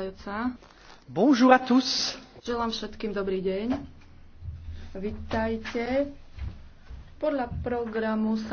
predsedajúca. Bonjour à tous. Želám všetkým dobrý deň. Vitajte. Podľa programu